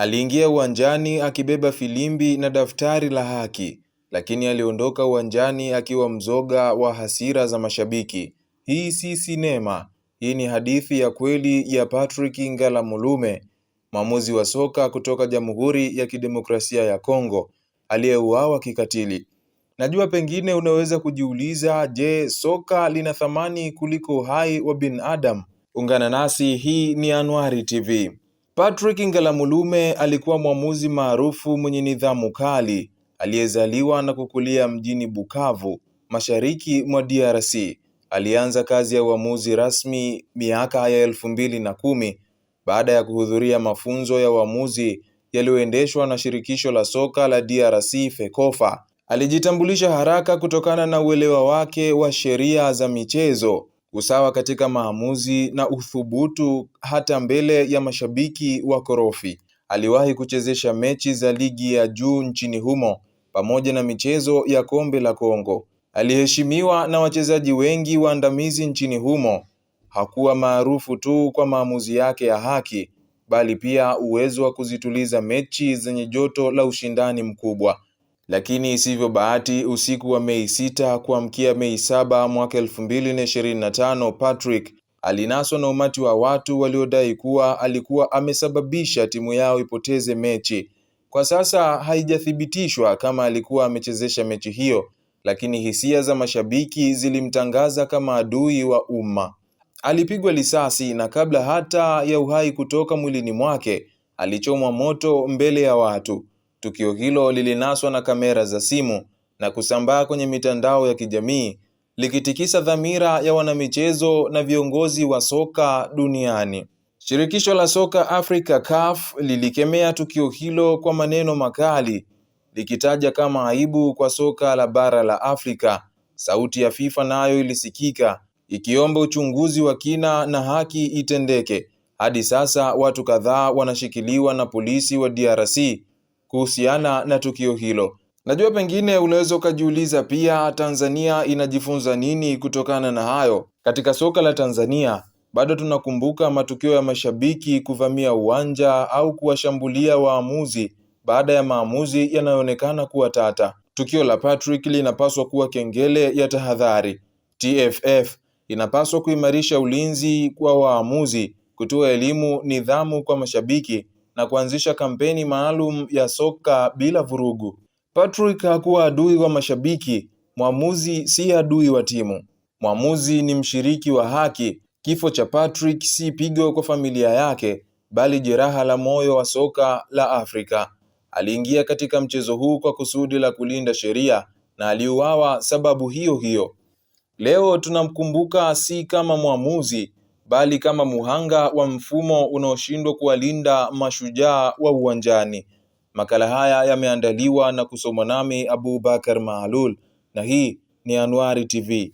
Aliingia uwanjani akibeba filimbi na daftari la haki, lakini aliondoka uwanjani akiwa mzoga wa hasira za mashabiki. Hii si sinema, hii ni hadithi ya kweli ya Patrick Ngala Mulume, mwamuzi wa soka kutoka Jamhuri ya Kidemokrasia ya Kongo aliyeuawa kikatili. Najua pengine unaweza kujiuliza, je, soka lina thamani kuliko uhai wa binadamu? Ungana nasi, hii ni Anwaary TV. Patrick Ngalamulume alikuwa mwamuzi maarufu mwenye nidhamu kali aliyezaliwa na kukulia mjini Bukavu, mashariki mwa DRC. Alianza kazi ya uamuzi rasmi miaka ya elfu mbili na kumi baada ya kuhudhuria mafunzo ya uamuzi yaliyoendeshwa na shirikisho la soka la DRC FECOFA. Alijitambulisha haraka kutokana na uelewa wake wa sheria za michezo usawa katika maamuzi na uthubutu hata mbele ya mashabiki wa korofi. Aliwahi kuchezesha mechi za ligi ya juu nchini humo pamoja na michezo ya kombe la Kongo. Aliheshimiwa na wachezaji wengi waandamizi nchini humo. Hakuwa maarufu tu kwa maamuzi yake ya haki, bali pia uwezo wa kuzituliza mechi zenye joto la ushindani mkubwa lakini isivyo bahati, usiku wa Mei 6 kuamkia Mei 7 mwaka 2025, Patrick alinaswa na umati wa watu waliodai kuwa alikuwa amesababisha timu yao ipoteze mechi. Kwa sasa haijathibitishwa kama alikuwa amechezesha mechi hiyo, lakini hisia za mashabiki zilimtangaza kama adui wa umma. Alipigwa risasi na kabla hata ya uhai kutoka mwilini mwake, alichomwa moto mbele ya watu. Tukio hilo lilinaswa na kamera za simu na kusambaa kwenye mitandao ya kijamii likitikisa dhamira ya wanamichezo na viongozi wa soka duniani. Shirikisho la soka Afrika CAF lilikemea tukio hilo kwa maneno makali likitaja kama aibu kwa soka la bara la Afrika. Sauti ya FIFA nayo na ilisikika ikiomba uchunguzi wa kina na haki itendeke. Hadi sasa watu kadhaa wanashikiliwa na polisi wa DRC kuhusiana na tukio hilo. Najua pengine unaweza ukajiuliza pia Tanzania inajifunza nini kutokana na hayo. Katika soka la Tanzania bado tunakumbuka matukio ya mashabiki kuvamia uwanja au kuwashambulia waamuzi baada ya maamuzi yanayoonekana kuwa tata. Tukio la Patrick linapaswa kuwa kengele ya tahadhari. TFF inapaswa kuimarisha ulinzi kwa waamuzi, kutoa elimu nidhamu kwa mashabiki na kuanzisha kampeni maalum ya soka bila vurugu. Patrick hakuwa adui wa mashabiki. Mwamuzi si adui wa timu, mwamuzi ni mshiriki wa haki. Kifo cha Patrick si pigo kwa familia yake, bali jeraha la moyo wa soka la Afrika. Aliingia katika mchezo huu kwa kusudi la kulinda sheria na aliuawa sababu hiyo hiyo. Leo tunamkumbuka si kama mwamuzi, bali kama muhanga wa mfumo unaoshindwa kuwalinda mashujaa wa uwanjani. Makala haya yameandaliwa na kusomwa nami Abubakar Maalul, na hii ni Anwari TV.